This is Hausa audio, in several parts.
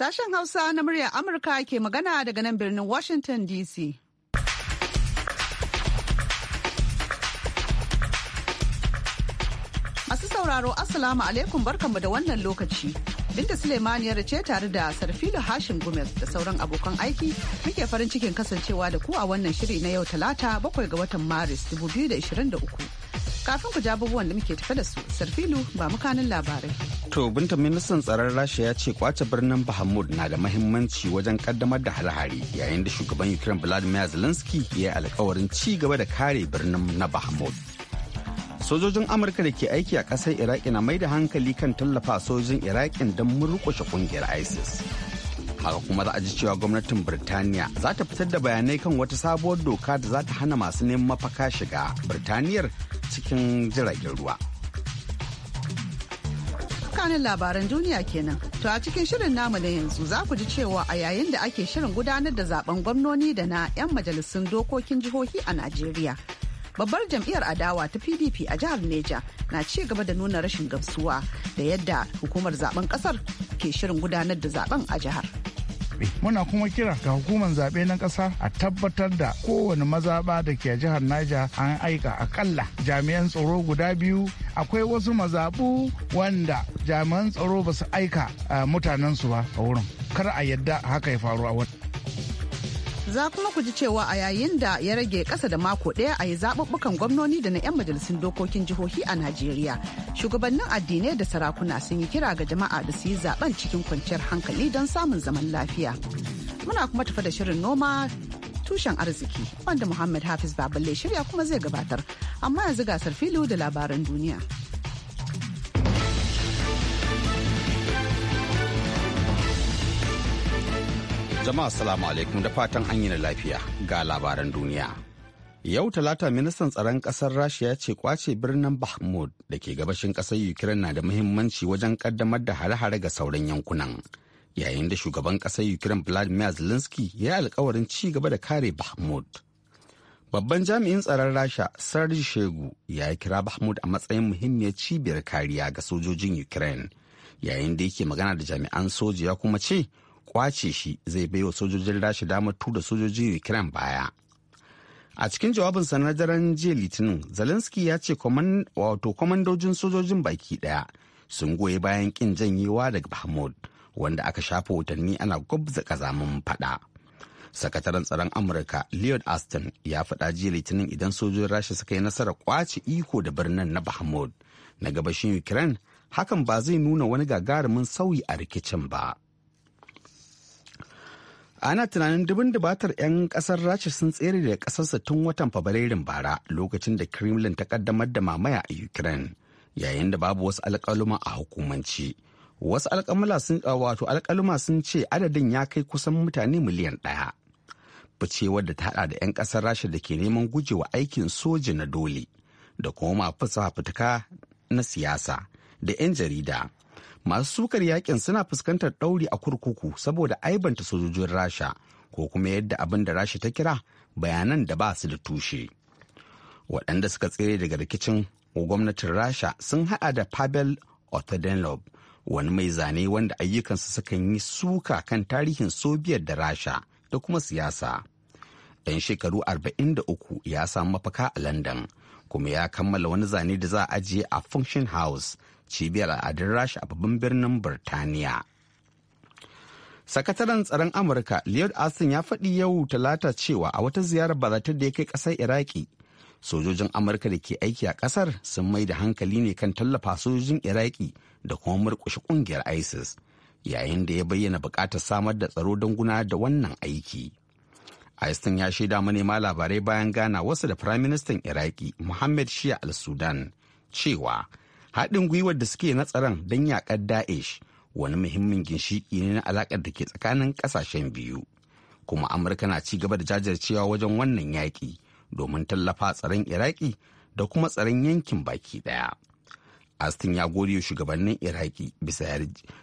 Sashen Hausa na muryar Amurka ke magana daga nan birnin Washington DC. Masu sauraro Assalamu alaikum barkanmu da wannan lokaci. Binta Suleimaniyar ce tare da Sarfilo Hashim Gumel da sauran abokan aiki muke farin cikin kasancewa da ku a wannan shiri na yau talata bakwai ga watan Maris 2023. kafin ku ji abubuwan da muke tafe da su sarfilu ba mukanin labarai to binta ministan tsaron rasha ya ce kwace birnin bahamud na da mahimmanci wajen kaddamar da hare yayin da shugaban ukraine vladimir zelensky ya yi alkawarin ci gaba da kare birnin na bahamud sojojin amurka da ke aiki a ƙasar iraki na mai da hankali kan tallafa sojojin iraki don murƙushe kungiyar isis haka kuma za a ji cewa gwamnatin birtaniya za ta fitar da bayanai kan wata sabuwar doka da za ta hana masu neman mafaka shiga birtaniyar cikin jiragen ruwa. kanin labaran duniya kenan. To a cikin shirin namu na yanzu za ku ji cewa a yayin da ake shirin gudanar da zaben gwamnoni da na 'yan majalisun dokokin jihohi a Najeriya. Babbar jam'iyyar adawa ta PDP a jihar Neja na ci gaba da nuna rashin gamsuwa da yadda hukumar zaben kasar ke shirin gudanar da zaben a jihar. zaɓe muna kuma kira ga hukumar zaɓe na ƙasa a tabbatar da kowane mazaɓa da ke jihar Niger an aika akalla jami'an tsaro guda biyu akwai wasu mazaɓu wanda jami'an tsaro ba su aika eh, mutanensu ba a wurin kar a yadda haka ya faru a wata Za kuma ku ji cewa a yayin da ya rage kasa da mako ɗaya a yi zaɓuɓɓukan gwamnoni da na 'yan majalisun dokokin jihohi a Najeriya. Shugabannin addinai da sarakuna sun yi kira ga jama'a da su yi zaɓen cikin kwanciyar hankali don samun zaman lafiya. Muna kuma tafa da shirin noma tushen arziki wanda Muhammad Hafiz Baballe shirya kuma zai gabatar. Amma yanzu gasar filu da labaran duniya. Jama'a salamu alaikum da fatan an yi lafiya ga labaran duniya. Yau talata ministan tsaron ƙasar Rasha ya ce kwace birnin Bahmud da ke gabashin ƙasar Ukraine na da muhimmanci wajen ƙaddamar da hare-hare ga sauran yankunan. Yayin da shugaban ƙasar Ukraine Vladimir Zelensky ya yi alkawarin ci gaba da kare Bahmud. Babban jami'in tsaron Rasha Sergei Shegu ya kira Bahmud a matsayin muhimmiyar cibiyar kariya ga sojojin Ukraine. Yayin da yake magana da jami'an sojiya kuma ce kwace shi zai baiwa sojojin rasha damar tura sojojin ukraine baya a cikin jawabinsa na daren jiya litinin zelensky ya ce wato kwamandojin sojojin baki daya sun goyi bayan kin janyewa daga bahmud wanda aka shafa watanni ana gwabza kazamin fada sakataren tsaron amurka leon aston ya faɗa jiya litinin idan sojojin rasha suka yi nasarar kwace iko da birnin na bahmud na gabashin ukraine hakan ba zai nuna wani gagarumin sauyi a rikicin ba ana tunanin dubin dubatar 'yan kasar rasha sun tsere da kasarsa tun watan fabrairun bara lokacin da kremlin ta kaddamar da mamaya a ukraine yayin da babu wasu alkaluma a hukumanci wasu alkaluma sun wato alkaluma sun ce adadin ya kai kusan mutane miliyan ɗaya ficewar da ta hada da 'yan kasar rasha da ke neman gujewa aikin soja na dole da kuma fasa na siyasa da 'yan jarida masu sukar yakin suna fuskantar ɗauri a kurkuku saboda aibanta sojojin rasha ko kuma yadda abin da rasha ta kira bayanan da ba su da tushe waɗanda suka tsere daga rikicin gwamnatin rasha sun haɗa da pavel otadenlov wani mai zane wanda ayyukansa sukan yi suka kan tarihin sobiyar da rasha da kuma siyasa ɗan shekaru 43 ya samu mafaka a london kuma ya kammala wani zane da za a ajiye a function house cibiyar al'adun rasha a babban birnin birtaniya sakataren tsaron amurka lloyd austin ya faɗi yau talata cewa a wata ziyarar baratar da ya kai ƙasar iraki sojojin amurka da ke aiki a ƙasar sun mai da hankali ne kan tallafa sojojin iraki da kuma murƙushe ƙungiyar isis yayin da ya bayyana buƙatar samar da tsaro don guna da wannan aiki Aistin ya shaida manema labarai bayan gana wasu da Firaministan Iraki Muhammad Shia al-Sudan cewa haɗin gwiwar da suke na tsaron don yaƙar daesh wani muhimmin ginshiƙi ne na alaƙar da ke tsakanin ƙasashen biyu kuma amurka na ci gaba da jajircewa wajen wannan yaƙi domin tallafa tsaron iraki da kuma tsaron yankin baki ɗaya astin ya gode wa shugabannin iraki bisa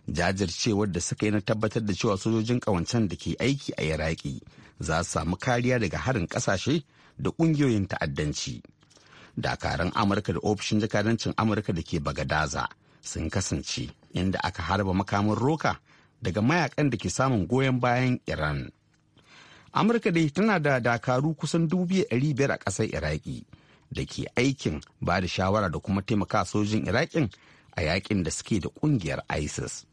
jajircewar da suka yi na tabbatar da cewa sojojin ƙawancen da ke aiki a iraki za su samu kariya daga harin ƙasashe da ƙungiyoyin ta'addanci. dakarun amurka da ofishin jakadancin amurka da ke bagadaza sun kasance inda aka harba makamin roka daga mayakan da ke samun goyon bayan iran amurka dai tana da dakaru kusan biyar a ƙasar iraki da ke aikin ba da shawara da kuma taimaka sojin irakin a yakin da suke da ƙungiyar isis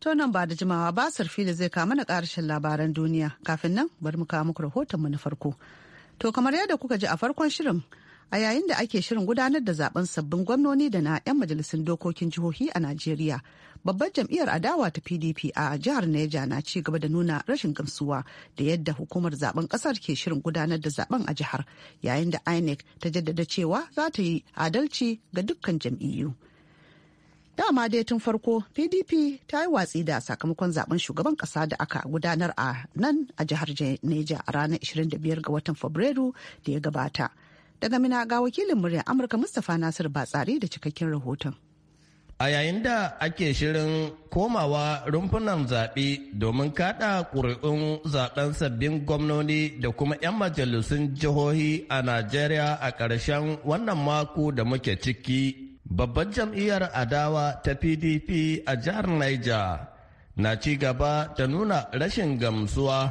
To nan ba da jimawa ba sarfili zai kama na karshen labaran duniya kafin nan bari mu kawo muku rahotonmu na farko. To kamar yadda kuka ji a farkon shirin a yayin da ake shirin gudanar da zaben sabbin gwamnoni da na 'yan majalisun dokokin jihohi a Najeriya. Babbar jam'iyyar adawa ta PDP a jihar Neja na ci gaba da nuna rashin gamsuwa da yadda hukumar zaben kasar ke shirin gudanar da zaben a jihar yayin da INEC ta jaddada cewa za ta yi adalci ga dukkan jam'iyyu. dama dai tun farko pdp ta yi watsi da sakamakon zaben shugaban kasa da aka gudanar a nan a jihar neja a ranar 25 ga watan fabrairu da ya gabata daga mina ga wakilin muryar amurka mustapha nasir batsari da cikakken rahoton a yayin da ake shirin komawa rumfunan zaɓe domin kaɗa ƙuri'un zaɓen sabbin gwamnoni da kuma 'yan majalisun jihohi a najeriya a ƙarshen wannan mako da muke ciki Babbar jam'iyyar adawa ta PDP a jihar Niger na ci gaba da nuna rashin gamsuwa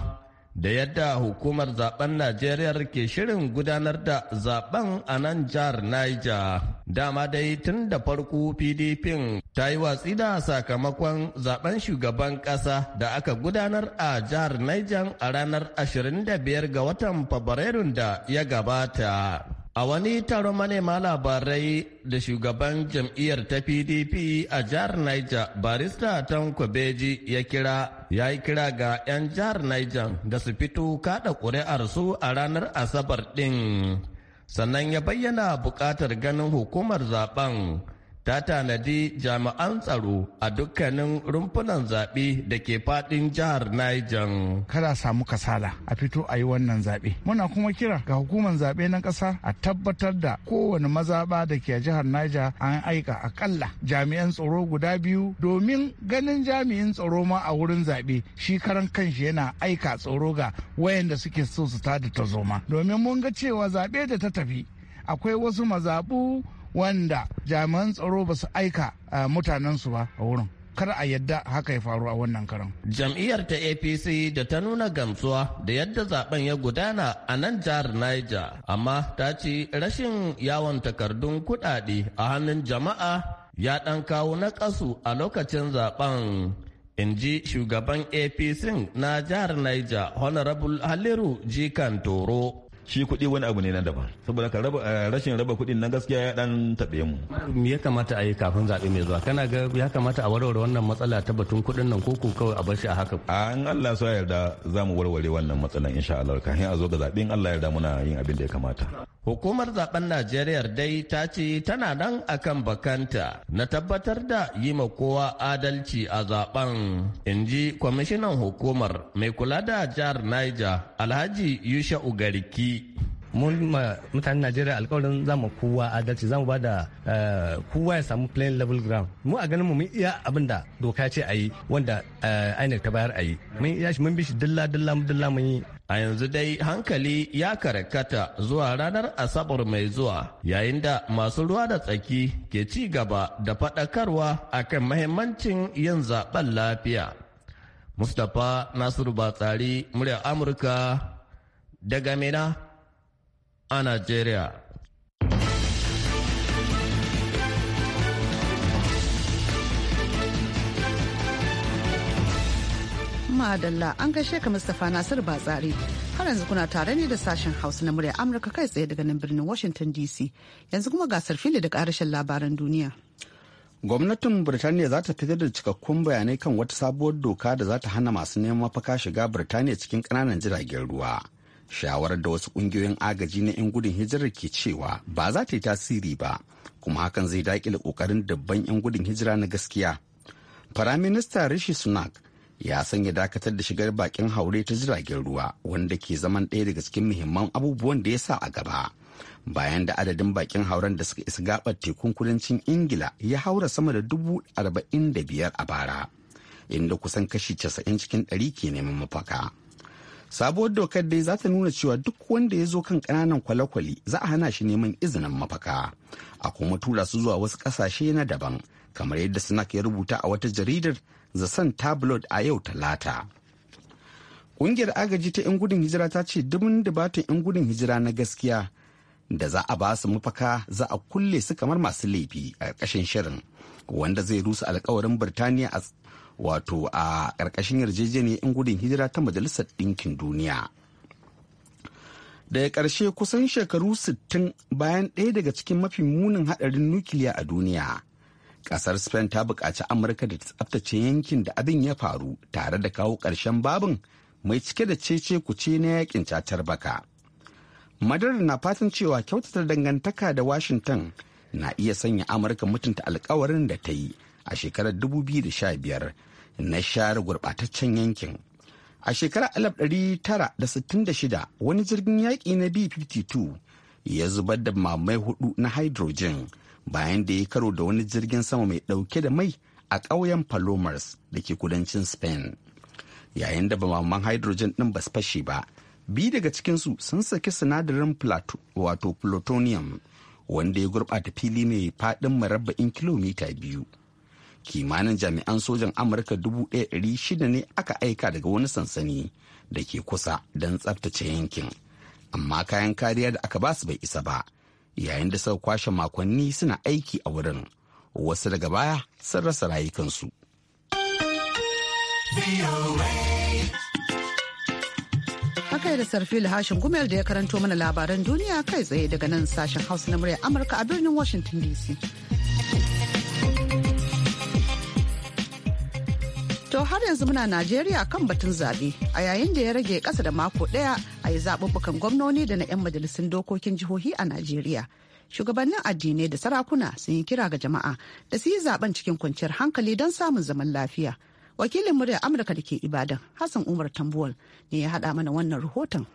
da yadda hukumar zaben Najeriya ke shirin gudanar da zaben a nan jihar Niger. Dama dai tun da farko PDP ta yi watsi da sakamakon zaben shugaban ƙasa da aka gudanar a jihar Niger a ranar 25 ga watan Fabrairun da ya gabata. A wani taron manema labarai da shugaban jam'iyyar ta PDP a jihar Niger, barista Tanko Beji ya kira ya yi kira ga 'yan jihar Niger da su fito kada ƙuri'arsu a ranar Asabar ɗin. Sannan ya bayyana buƙatar ganin hukumar zaben ta tanadi jami'an tsaro a dukkanin rumfunan zaɓe da ke faɗin jihar Niger. Kada samu kasala a fito a yi wannan zaɓe. Muna kuma kira ga hukumar zaɓe na ƙasa a tabbatar da kowane mazaɓa da ke jihar Niger an aika akalla jami'an tsaro guda biyu domin ganin jami'in tsaro ma a wurin zaɓe shi karan kanshi yana aika tsaro ga wayanda suke so su tada tazoma. Domin mun ga cewa zaɓe da ta tafi akwai wasu mazaɓu wanda jami'an tsaro ba su aika mutanensu ba a wurin kar a yadda haka ya faru a wannan karan. Jam'iyyar ta APC da ta nuna gamsuwa da yadda zaben ya gudana a nan jihar Niger, amma ta ce rashin yawon takardun kuɗaɗe a hannun jama'a ya ɗan kawo na a lokacin zaben. in ji shugaban apc na jihar niger honorable haliru jikan toro shi kuɗi wani abu ne na daban saboda ka eh, rashin raba kuɗin na gaskiya ya dan taɓe mu me ya kamata a yi kafin zaɓe mai zuwa kana ga ya kamata a warware wannan matsala ta batun kuɗin nan ko kawai a bar shi a haka a in Allah ya yarda za mu warware wannan matsalan insha Allah kafin a zo ga zaɓe in Allah yarda muna yin abin da ya kamata hukumar zaben Najeriya dai ta ce tana nan akan bakanta na tabbatar da yi ma kowa adalci a zaben inji kwamishinan hukumar mai kula da jihar Niger Alhaji Yusha Ugariki mun mutanen najeriya alkawarin za mu kowa adalci za mu ba da eh, kowa ya samu plain level ground mu a ganin mu mun iya abin da doka ce a yi wanda ainihin eh, ta bayar a yi mun iya shi mun bi shi dilla dilla dilla mun yi a yanzu dai hankali ya karkata zuwa ranar asabar mai zuwa yayin da masu ruwa da tsaki ke ci gaba da faɗakarwa akan mahimmancin yin zaben lafiya mustapha nasiru batsari murya amurka daga mina a Najeriya. Madalla an gaishe ka Mustapha Nasiru Batsari. Har yanzu kuna tare ne da sashen Hausa na murya Amurka kai tsaye daga nan birnin Washington DC. Yanzu kuma gasar fili da karashin labaran duniya. Gwamnatin Birtaniya za ta fitar da cikakkun bayanai kan wata sabuwar doka da za ta hana masu neman mafaka shiga Birtaniya cikin ƙananan jiragen ruwa. shawarar da wasu kungiyoyin agaji na 'yan gudun hijirar ke cewa ba za ta yi tasiri ba kuma hakan zai daƙile ƙoƙarin dabban 'yan gudun hijira na gaskiya firaminista rishi sunak ya sanya dakatar da shigar bakin haure ta jiragen ruwa wanda ke zaman ɗaya daga cikin muhimman abubuwan da ya sa a gaba bayan da adadin bakin hauren da suka isa gabar tekun kudancin ingila ya haura sama da dubu arba'in da biyar a bara inda kusan kashi casa'in cikin ɗari ke neman mafaka sabuwar dokar dai za ta nuna cewa duk wanda ya zo kan ƙananan kwale za a hana shi neman izinin mafaka a kuma tura su zuwa wasu ƙasashe na daban kamar yadda snack ya rubuta a wata jaridar the sun tabloid a yau talata ƙungiyar agaji ta 'yan gudun hijira ta ce dubin ta 'yan gudun hijira na gaskiya da za a ba su mafaka za a kulle su kamar masu laifi a ƙarƙashin shirin wanda zai rusa alkawarin birtaniya a. wato a ƙarƙashin yarjejeniya 'yan gudun hijira ta majalisar ɗinkin duniya daga ƙarshe kusan shekaru 60 bayan ɗaya daga cikin mafi munin haɗarin nukiliya a duniya ƙasar spain ta buƙaci amurka da ta tsabtace yankin da abin ya faru tare da kawo ƙarshen babin mai cike da cece kuce na yakin cacar baka madar na fatan cewa kyautata dangantaka da washington na iya sanya amurka mutunta alkawarin da ta yi a shekarar 2015 na share gurbataccen yankin a shekarar 1966 wani jirgin yaƙi na b-52 ya zubar da mamai hudu na hydrogen bayan da ya karo da wani jirgin sama mai ɗauke da mai a ƙauyen palomars da ke kudancin spain yayin da bamaman hydrogen ɗin ba su fashe ba biyu daga cikinsu sun saki sinadarin wato plutonium wanda ya gurɓata fili mai faɗin marabba'in kilomita biyu kimanin jami'an sojan amurka shida ne aka aika daga wani sansani da ke kusa don tsabtace yankin amma kayan kariya da aka basu bai isa ba yayin da suka kwashe makonni suna aiki a wurin wasu daga baya sun rasa rayukansu kai da sarfil hashin gumel da ya karanto mana labaran duniya kai tsaye daga nan sashen hausa na murya amurka a birnin washington dc To har yanzu muna Najeriya kan batun zaɓe a yayin da ya rage ƙasa da mako ɗaya a yi zaɓuɓɓukan gwamnoni da na 'yan majalisun dokokin jihohi a Najeriya. Shugabannin addinai da sarakuna sun yi kira ga jama'a da su yi zaɓen cikin kwanciyar hankali don samun zaman lafiya. Wakilin muryar Amurka da ke Ibadan Hassan Umar Tambuwal ne ya haɗa mana wannan rahoton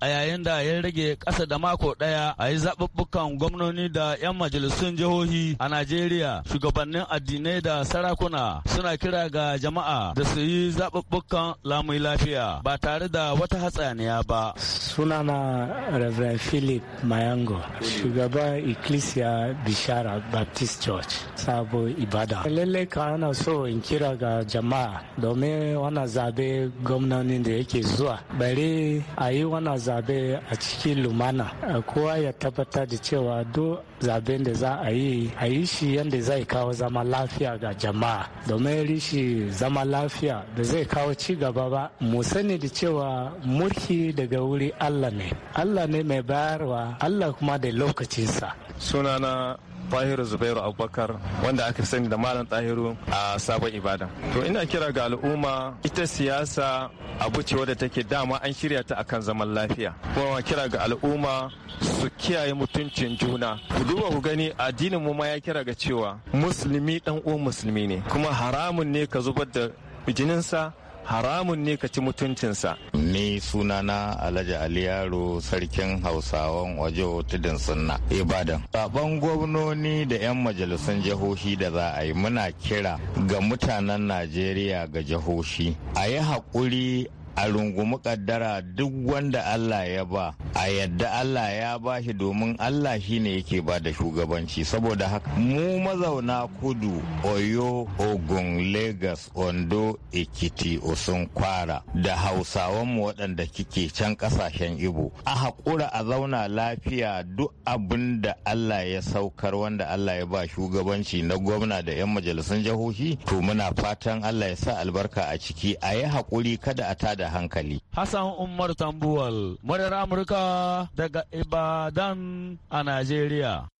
a yayin da ya rage ƙasa da mako ɗaya a yi zaɓuɓɓukan gwamnoni da 'yan majalisun jihohi a Najeriya shugabannin addinai da sarakuna suna kira ga jama'a da su yi zaɓuɓɓukan lamun lafiya ba tare da wata hatsaniya ba. Sunana Reverend Philip Mayango, shugaban Ecclesia Bishara Baptist Church, Sabo Ibada. Lallai ka ana so in kira ga jama'a domin wannan zabe gwamnoni da yake zuwa. Bari a yi wannan zabe a cikin lumana kowa ya tabbatar da cewa duk zaben da za a yi a yi shi yadda zai kawo zama lafiya ga jama'a domin rishi zama lafiya da zai kawo ci gaba ba mu sani da cewa mulki daga wuri allah ne allah ne mai bayarwa allah kuma da lokacinsa sunana Tahiru Zubairu Abubakar wanda aka sani da Malam Tahiru a sabon ibada. To ina kira ga al'umma ita siyasa abu ce wadda take dama an shirya ta akan zaman lafiya. Kuma kira ga al'umma su kiyaye mutuncin juna. Ku duba ku gani addinin mu ma ya kira ga cewa musulmi dan uwan musulmi ne kuma haramun ne ka zubar da jininsa haramun ne ka ci mutuncinsa. Ni sunana Alhaji Ali Yaro sarkin Hausawan waje tudun sunna Ibadan. Saban gwamnoni da 'yan majalisun jihohi da za a yi muna kira ga mutanen Najeriya ga jihohi. A yi haƙuri a rungumi kaddara duk wanda Allah ya ba a yadda Allah ya ba shi domin Allah shi ne yake ba da shugabanci saboda haka mu mazauna kudu oyo ogun lagos ondo ikiti osun kwara da hausawanmu waɗanda kike can ƙasashen ibo a haƙura a zauna lafiya duk abin da Allah ya saukar wanda Allah ya ba shugabanci na gwamna da 'yan majalisun jihohi to muna fatan Allah ya sa albarka a ciki a yi haƙuri kada a tada da hankali. Hassan Umar Tambuwal, muryar Amurka daga Ibadan a Najeriya.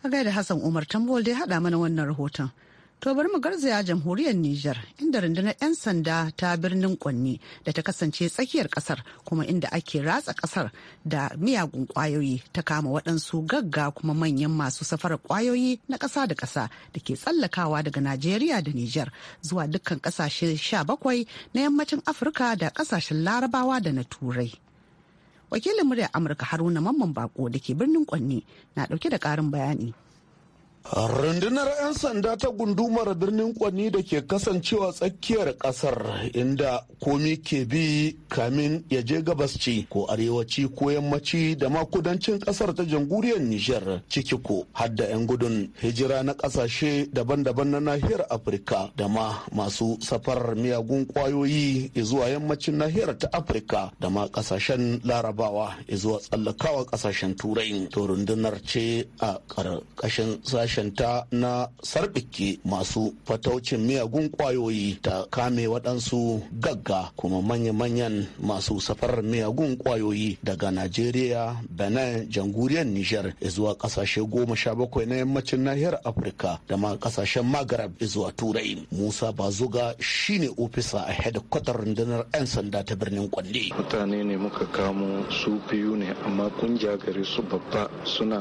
Haga da Hassan Umar Tambuwal dai haɗa mana wannan rahoton. To bari mu garzaya jamhuriyar Nijar inda rundunar 'yan sanda ta birnin Kwanni da ta kasance tsakiyar kasar kuma inda ake ratsa kasar da miyagun kwayoyi ta kama waɗansu gagga kuma manyan masu safarar kwayoyi na ƙasa da ƙasa da ke tsallakawa daga Najeriya da Nijar zuwa dukkan ƙasashe bakwai na yammacin Afirka da ƙasashen Larabawa da na Turai. Wakilin muryar Amurka Haruna Mamman Bako da ke birnin Kwanni na ɗauke da ƙarin bayani. Rundunar 'yan sanda ta gundumar birnin Kwani da ke kasancewa tsakiyar kasar inda komi ke bi kamin ya je gabasci ko arewaci ko yammaci da ma kudancin kasar ta jamhuriyar Nijar ciki ko hadda 'yan gudun hijira na kasashe daban-daban na nahiyar Afirka da ma masu safar miyagun kwayoyi zuwa yammacin nahiyar ta Afirka da ma kasashen larabawa zuwa tsallakawa kasashen turai. To rundunar ce a ƙarƙashin sashen ta na sarbike masu fataucin miyagun kwayoyi ta kame waɗansu gagga kuma manya-manyan masu safarar miyagun kwayoyi daga najeriya benin jamhuriyar niger zuwa kasashe goma sha bakwai na yammacin nahiyar afirka da ma ƙasashen izuwa zuwa turai musa bazuga shine ofisa a hedikwatar rundunar 'yan sanda ta birnin kwande mutane ne muka kamo su biyu ne amma kungiya gare su babba suna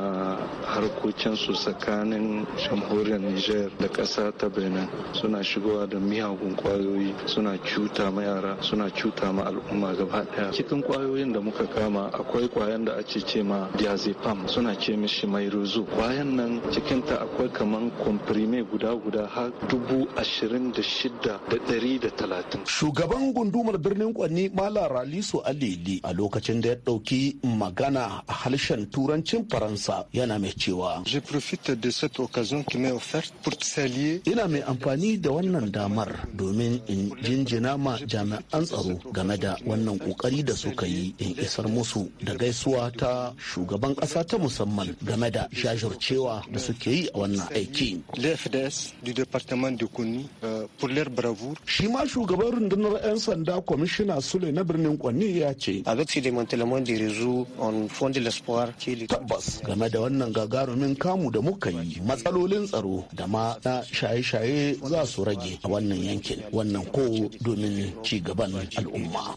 harkokinsu tsakanin cikin jamhuriyar niger da ƙasa ta benin suna shigowa da miyagun kwayoyi suna cuta ma yara suna cuta ma al'umma gaba ɗaya cikin kwayoyin da muka kama akwai kwayan da ake ce ma diazepam suna ce mishi mai ruzu kwayan nan cikin ta akwai kaman komprime guda guda har dubu ashirin da shida da ɗari da talatin shugaban gundumar birnin kwanni mala Raliso alidi a lokacin da ya ɗauki magana a harshen turancin faransa yana mai cewa je profite de ce cette occasion qui m'est offerte pour saluer. Ina mai amfani da wannan damar domin in jinjina ma jami'an tsaro game da wannan kokari da suka yi in isar musu da gaisuwa ta shugaban kasa ta musamman game da jajircewa da suke yi a wannan aiki. L'FDS du département de Kuni euh, pour leur bravoure. Shi ma shugaban rundunar 'yan sanda kwamishina Sule na birnin kwani ya ce. Avec ce démantèlement des réseaux on fonde l'espoir. Tabbas game da wannan gagarumin kamu da muka yi matsalolin tsaro da ma na shaye-shaye za su rage a wannan yankin wannan ko domin ci gaban al'umma.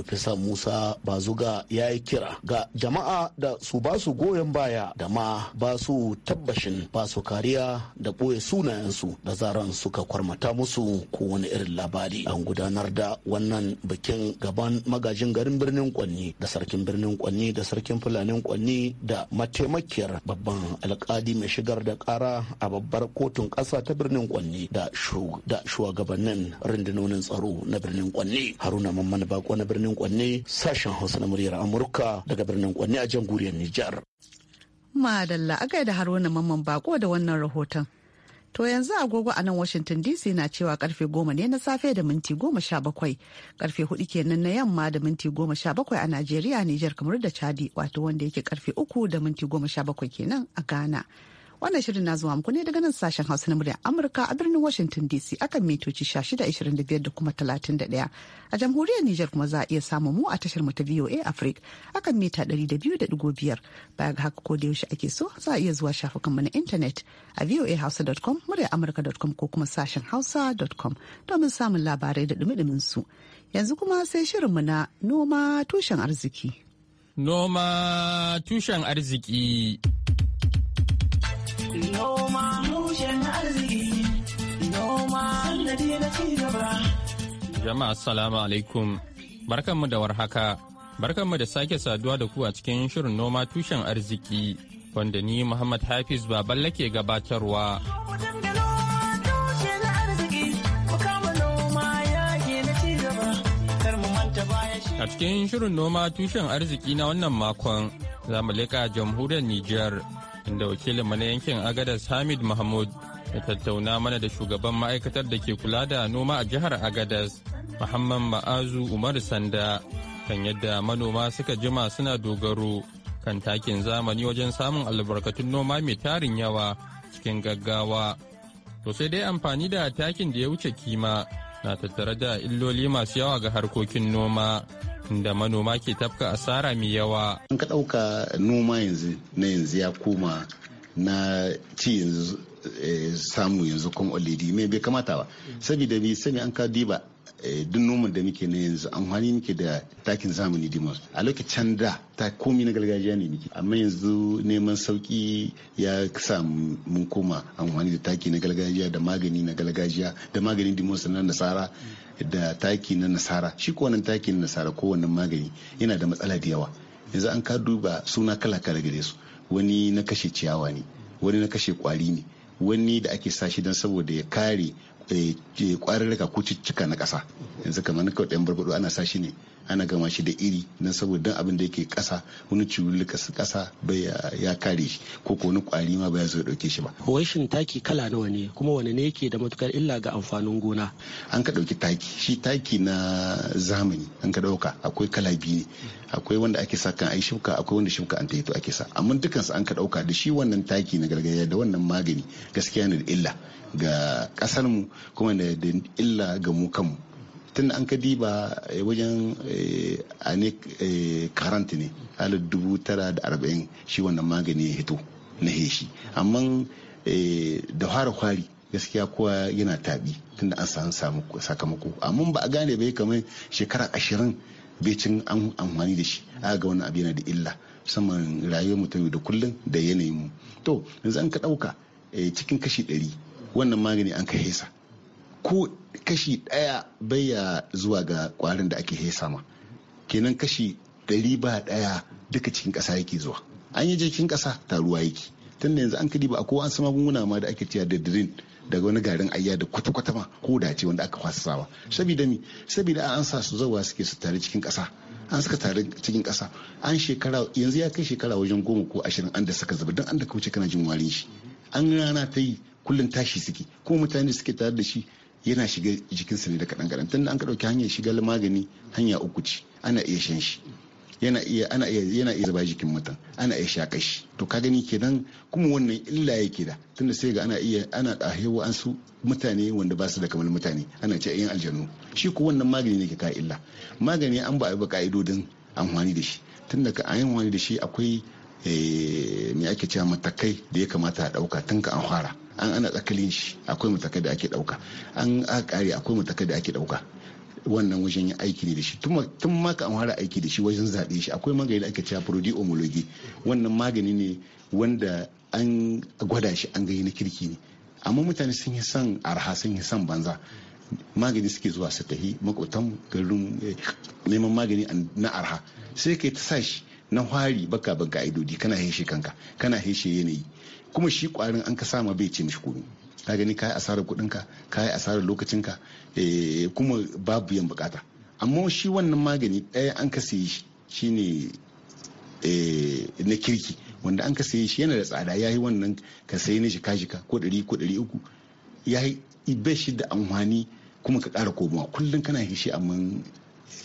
Ofisan Musa Bazuga ya yi kira ga jama'a da su ba su goyon baya da ma ba su tabbashin ba su kariya da ɓoye sunayensu da zaran suka kwarmata musu kowane irin labari an gudanar da wannan bikin gaban magajin garin birnin kwanni da sarkin birnin kwanni da sarkin fulanin kwanni da mate makiyar babban alkali mai shigar da kara a babbar kotun ƙasa ta birnin kwanne da shugabannin rundunonin tsaro na birnin kwanne haruna mamman bako na birnin kwanne sashen hausa na muryar amurka daga birnin kwanne a jamhuriyar nijar madalla a da haruna mamman bako da wannan rahoton To yanzu agogo a nan Washington DC na cewa karfe goma ne na safe da minti goma sha bakwai. Karfe hudu kenan na yamma da minti goma sha bakwai a Najeriya, Nijar kamar da Chadi wato wanda yake karfe uku da minti goma sha bakwai kenan a Ghana. Wannan shirin na zuwa muku ne daga nan sashen Hausa na muryar Amurka a birnin Washington DC akan mitoci 1625 da kuma 31. A jamhuriyar Nijar kuma za a iya samun mu a tashar mu ta VOA Africa akan mita 200.5. Baya ga haka ko da yaushe ake so za a iya zuwa shafukan mu na intanet a voahausa.com muryar amurka.com ko kuma sashen hausa.com domin samun labarai da dumi su. Yanzu kuma sai shirin mu na noma tushen arziki. Noma tushen arziki. Noma tushen arziki. Noma sannadi na ci gaba. Jama'a salamu alaikum. Barkanmu da warhaka. Barkanmu da sake saduwa da ku a cikin shirin noma tushen arziki wanda ni Muhammad Hafiz Baballe ke gabatarwa. A cikin shirin noma tushen arziki na wannan makon, zamu mu leƙa jamhuriyar Nijar. inda wakilin mana yankin agadas hamid mahmud ya tattauna mana da shugaban ma'aikatar da ke kula da noma a jihar agadas muhammad ma'azu umar sanda kan yadda manoma suka jima suna dogaro kan takin zamani wajen samun albarkatun noma mai tarin yawa cikin gaggawa to sai dai amfani da takin da ya wuce kima na tattare da illoli masu yawa ga harkokin noma da manoma ke tafka asara mai yawa. An ka ɗauka noma yanzu na yanzu ya koma na ci yanzu eh, samu yanzu kuma olidi mai bai kamata ba. Saboda bi sani an ka diba Eh, duk noman da muke na yanzu amfani muke da takin zamani dimos a lokacin da ta komi na gargajiya ne muke amma yanzu neman sauki ya sa mun koma amfani da taki na gargajiya da magani na gargajiya da maganin dimos na nasara da taki na nasara shi ko wannan taki na nasara ko wannan magani yana da matsala da yawa yanzu an ka duba suna kala kala gare su wani na kashe ciyawa ne wani na kashe kwari ne wani da ake sa shi don saboda ya kare Eh, kwarirka ko cicika na ƙasa yanzu kamar kawai ɗan barbaɗo ana sa shi ne ana gama shi da iri na saboda abin da yake kasa wani ciwulluka su kasa bai ya kare shi ko ko wani kwari ma bai zo dauke shi ba washin taki kala nawa ne kuma wani ne yake da matukar illa ga amfanin gona an ka dauki taki shi taki na zamani an ka dauka akwai kala biyu ne akwai wanda ake sa kan ai shuka akwai wanda shuka an taito ake sa amma dukkan su an ka dauka da shi wannan taki na gargajiya da wannan magani gaskiya ne da illa ga kasar mu kuma da illa ga mu kanmu tun an ka diba eh, wajen eh, a ne karanta eh, ne alif dubu tara da arba'in shi wannan magani ya hito na heshi amma da fara kwari gaskiya kowa yana tun da an samu sakamako amma ba a gane bai kamar shekara ashirin bai cin an amfani da shi a ga wani abu yana da illa musamman rayuwar mutum ta da kullum da yanayin mu to yanzu an ka ɗauka cikin kashi ɗari wannan magani an ka hesa ko kashi ɗaya baya zuwa ga kwarin da ake hesa ma kenan kashi dari ba daya duka cikin kasa yake zuwa an yi jikin ƙasa taruwa yake tun da yanzu an kadi ba a kowa an san magunguna ma da ake cewa da dirin daga wani garin ayya da kwata-kwata ma ko da ce wanda aka kwasa sawa saboda mi saboda an sa su zawa suke su tare cikin ƙasa an suka tare cikin ƙasa an shekara yanzu ya kai shekara wajen goma ko ashirin an da suka zuba don an da kauce kana jin warin shi an rana ta yi kullum tashi suke kuma mutane suke tare da shi yana shiga jikinsa ne da kaɗan kaɗan tunda an ka ɗauki hanyar shigar magani hanya uku ce ana iya shan shi yana iya ana iya yana iya zuba jikin mutum ana iya shaƙa shi to ka gani kenan kuma wannan illa yake da tunda sai ga ana iya ana ɗahewa an su mutane wanda ba su da kamar mutane ana ce yan aljanu shi ko wannan magani ne ke ka illa magani an ba a yi ba ka'idodin amfani da shi tunda ka ayin amfani da shi akwai eh, me ake cewa matakai da ya kamata a ɗauka tun ka an fara an ana tsakalin shi akwai matakai da ake dauka an aka kare akwai matakai da ake dauka wannan wajen yin aiki ne da shi tun ma ka fara aiki da shi wajen zaɓe shi akwai magani da ake cewa prodi homologi wannan magani ne wanda an gwada shi an gani na kirki ne amma mutane sun yi son arha sun yi son banza magani suke zuwa su tafi makwatan garin eh, neman magani na arha sai kai ta sa shi na hwari baka ban ka'idodi kana heshe kanka kana heshe yanayi kuma shi kwarin an ka sama bai ce mishi komi ka gani ka yi asarar kuɗinka ka yi asarar lokacinka eh, kuma babu yan bukata amma shi wannan magani ɗaya an ka sayi shi shine eh, na kirki wanda an ka sayi shi yana da tsada ya yi wannan ka sayi na shika shika ko ɗari ko ɗari uku ya yi ibe shi da amfani kuma ka ƙara komawa kullum kana hishi amma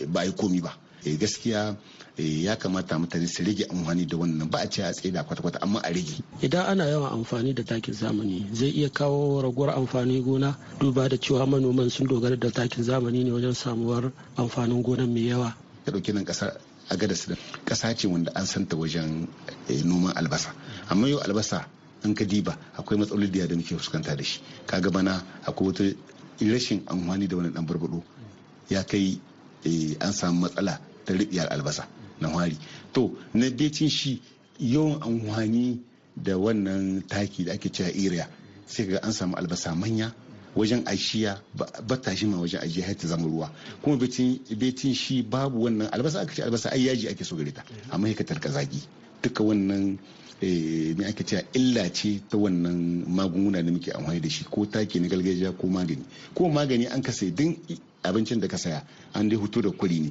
ba a yi komi ba eh, gaskiya Eh, ya kamata mutane su rage amfani da wannan ba a ce a tsaida kwata-kwata amma a rage idan ana yawan amfani da takin zamani zai iya kawo raguwar amfanin gona duba da cewa manoman sun dogara da takin zamani ne wajen samuwar amfanin gona mai yawa ta ɗauki nan a gada da ƙasa ce wanda an santa wajen eh, noman albasa amma yau albasa in ka diba akwai matsaloli da da muke fuskanta da shi kaga bana akwai wata rashin amfani da wani dan barbado ya kai eh, an samu matsala ta ribiyar albasa na hwari to na becin shi yawan amfani da wannan taki da ake cewa iriya sai ga an samu albasa manya wajen ajiya ba shi ma wajen ajiya har ta zama ruwa kuma betin shi babu wannan albasa aka ce albasa ai yaji ake so gare ta amma ka tarka zagi duka wannan eh, me ake cewa illa ce ta wannan magunguna da muke amfani da shi ko taki na gargajiya ko magani ko magani an ka sai din abincin da ka saya an dai hutu da kuri ne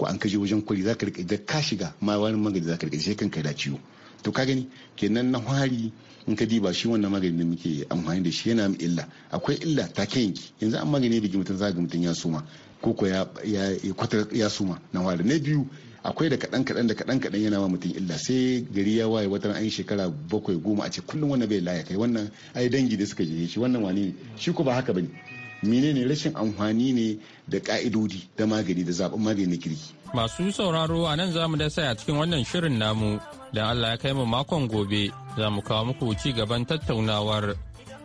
ko an kaje wajen kwari za ka rika da ka shiga ma wani magani za ka rika sai kanka da ciwo to ka gani kenan na hari in ka diba shi wannan magani da muke amfani da shi yana mu illa akwai illa ta yanki yanzu an magani da mutum za ga mutum ya suma ko ko ya ya suma na hari na biyu akwai da kaɗan kadan da kadan kadan yana wa mutum illa sai gari ya waye wata an shekara bakwai goma a ce kullum wannan bai laya kai wannan ai dangi da suka je shi wannan wani shi ko ba haka bane menene rashin amfani ne da ka'idodi da magani da zaɓen magani kirki. Masu sauraro a nan za mu da a cikin wannan shirin namu da Allah ya kai mu makon gobe za mu kawo muku ci gaban tattaunawar.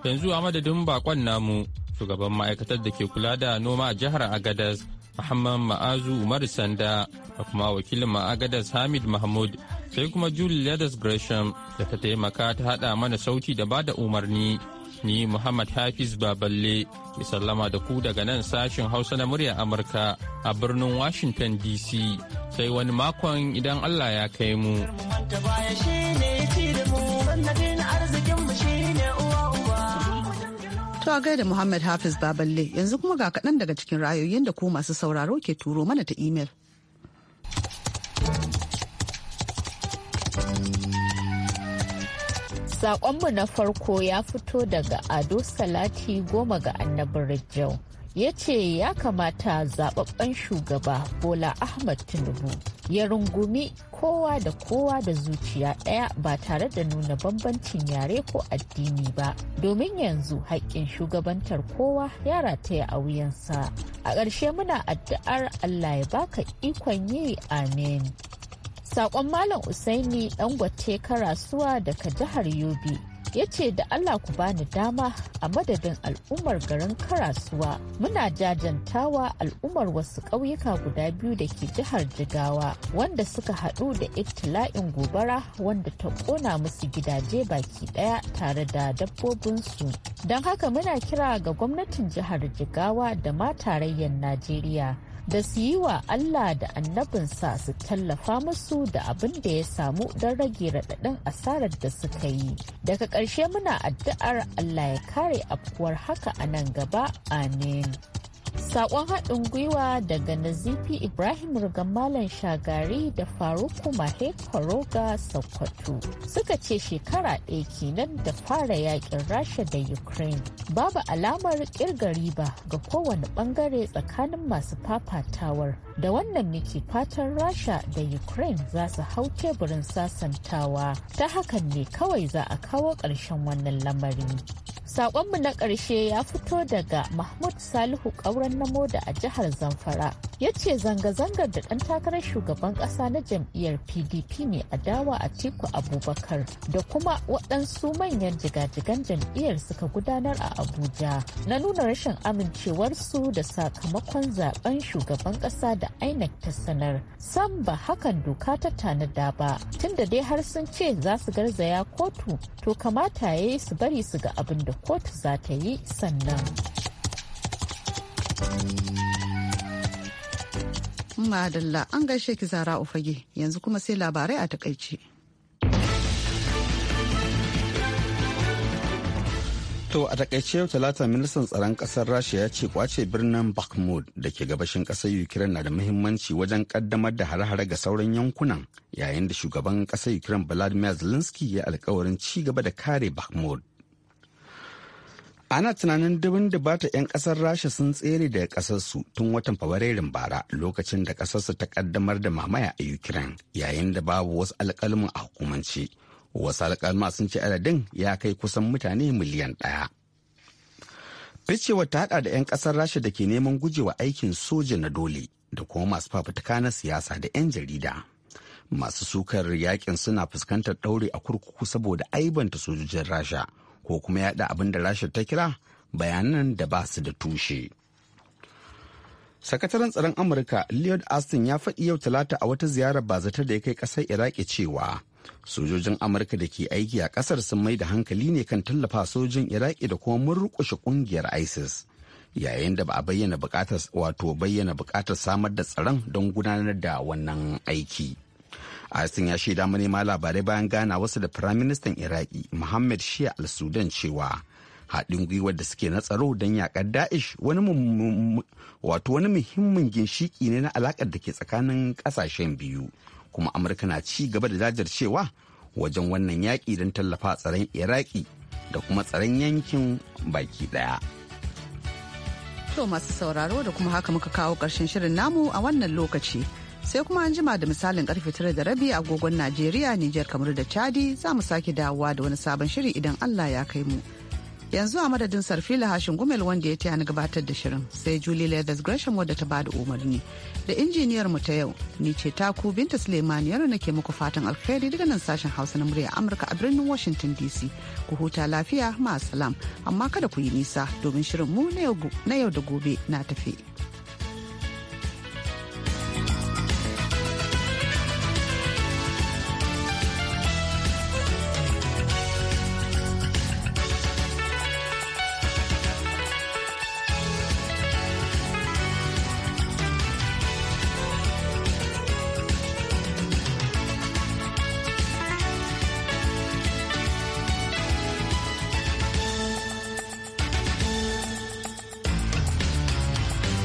Yanzu a madadin bakon namu shugaban ma'aikatar da ke kula da noma a jihar Agadas Muhammad Ma'azu Umar Sanda da kuma wakilin Agadas Hamid Mahmud sai kuma julius Gresham da ta taimaka ta haɗa mana sauti da bada umarni. ni Muhammad Hafiz Baballe ke sallama da ku daga nan sashin Hausa na muryar Amurka a birnin Washington DC sai wani makon idan Allah ya kai mu. To a gaida Muhammad Hafiz Baballe yanzu kuma ga kaɗan daga cikin rayoyin da ku masu sauraro ke turo mana ta imel. Saƙonmu na farko ya fito daga Ado Salati goma ga annabin Rijau. ya ce ya kamata zababben shugaba bola ahmad tinubu ya rungumi kowa da kowa da zuciya ɗaya ba tare da nuna bambancin yare ko addini ba domin yanzu haƙƙin shugabantar kowa ya rataya a wuyansa a ƙarshe muna addu'ar allah ya baka ikon yi amin Sakon Malam Usaini Dangote Karasuwa daga jihar Yobe ya ce da Allah ku bani dama a madadin al'ummar garin Karasuwa muna jajantawa al'ummar wasu ƙauyuka guda biyu da ke jihar Jigawa wanda suka haɗu da itila'in gobara wanda ta ƙona musu gidaje baki ɗaya tare da dabbobinsu. Don haka muna kira ga gwamnatin jihar Jigawa da ma tarayyar Najeriya da su yi wa Allah da annabinsa su tallafa musu da abin da ya samu don rage raɗaɗin asarar da suka yi. Daga ƙarshe muna addu'ar Allah ya kare afkuwar haka a nan gaba. Amin. Sakon haɗin gwiwa daga Nazifi Ibrahim Rigamalan Shagari da Faruku Mahe Kwaroga Sokoto suka ce shekara ɗaya kenan da fara yakin Rasha da Ukraine. Babu alamar ƙirga ba ga kowane ɓangare tsakanin masu fafatawar. Da wannan miki fatan Rasha da Ukraine za su hau teburin sasantawa. Ta hakan ne kawai za a kawo ƙarshen wannan lamari. Sakonmu na ƙarshe ya fito daga Mahmud Salihu ƙauren namo da a jihar Zamfara. Ya ce zanga-zangar da ɗan takarar shugaban ƙasa na jam'iyyar PDP ne a dawa a Tiku Abubakar da kuma waɗansu manyan jiga-jigan jam'iyyar suka gudanar a Abuja na nuna rashin amincewarsu da sakamakon zaben shugaban ƙasa da INEC ta sanar. Sam ba hakan doka ta tanada ba, tunda dai har sun ce za su garzaya kotu to kamata ya yi su bari su ga abin da kotu za ta yi sannan. Madalla an gaishe ki zara ufage yanzu kuma sai labarai a takaice. To a takaice yau talata ministan tsaron kasar Rasha ya ce kwace birnin Bakhmut da ke gabashin kasar Ukraine na da muhimmanci wajen kaddamar da hare-hare ga sauran yankunan yayin da shugaban kasar Ukraine Vladimir Zelensky ya alkawarin ci gaba da kare Bakhmut. ana tunanin dubin bata 'yan kasar rasha sun tsere daga kasarsu tun watan fabrairun bara lokacin da kasarsu ta kaddamar da mamaya a ukraine yayin da babu wasu alkalmin a hukumance wasu alkalma sun ce adadin ya kai kusan mutane miliyan ɗaya. ficewar ta hada da 'yan kasar rasha da ke neman gujewa aikin soja na dole da kuma masu fafutuka na siyasa da 'yan jarida masu sukar yakin suna fuskantar ɗaure a kurkuku saboda aibanta sojojin rasha ko kuma yaɗa abin da rasha ta kira bayanan da ba su da tushe. sakataren tsaron amurka lloyd austin ya faɗi yau talata a wata ziyarar bazata da ya kai ƙasar iraki cewa sojojin amurka da ke aiki a ƙasar sun mai da hankali ne kan tallafa sojin iraki da kuma murƙushe ƙungiyar isis yayin da ba a bayyana bayyana buƙatar samar da tsaron don gudanar da wannan aiki Astin ya shaida manema labarai bayan gana wasu da Firaministan Iraki Muhammad Shia al-Sudan cewa haɗin gwiwar da suke na tsaro don yaƙar Da'ish wani wato wani muhimmin ginshiƙi ne na alaƙar da ke tsakanin ƙasashen biyu kuma Amurka na ci gaba da jajircewa wajen wannan yaƙi don tallafa tsaron Iraki da kuma tsaron yankin baki ɗaya. To masu sauraro da kuma haka muka kawo ƙarshen shirin namu a wannan lokaci. sai kuma an jima da misalin karfe tare da rabi agogon najeriya nijar kamar da chadi za mu sake dawowa da wani sabon shiri idan allah ya kai mu yanzu a madadin sarfila hashin gumel wanda ya taya na gabatar da shirin sai julie leathers gresham wadda ta bada umarni da injiniyar mu ta yau ni ce taku binta suleiman yaro nake muku fatan alkhairi daga nan sashen hausa na murya amurka a birnin washington dc ku huta lafiya ma salam amma kada ku yi nisa domin shirin mu na yau da gobe na tafi.